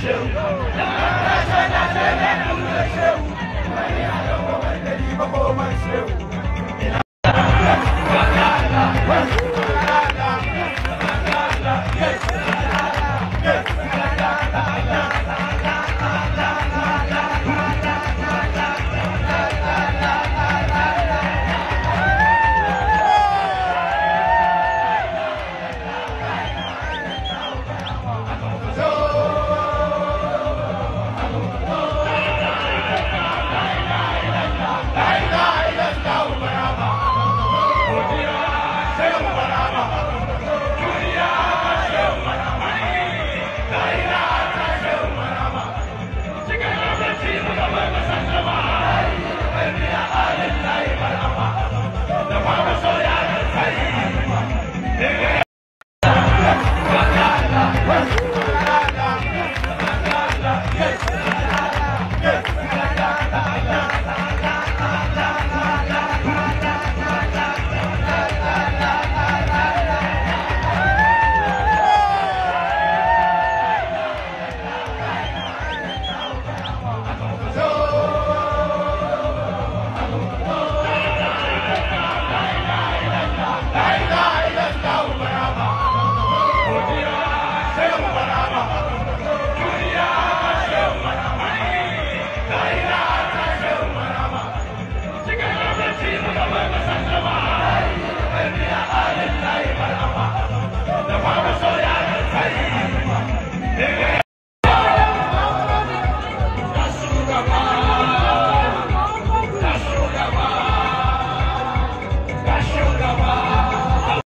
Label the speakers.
Speaker 1: Shoot! yana da mabar dari makomar shehu
Speaker 2: わざわざ。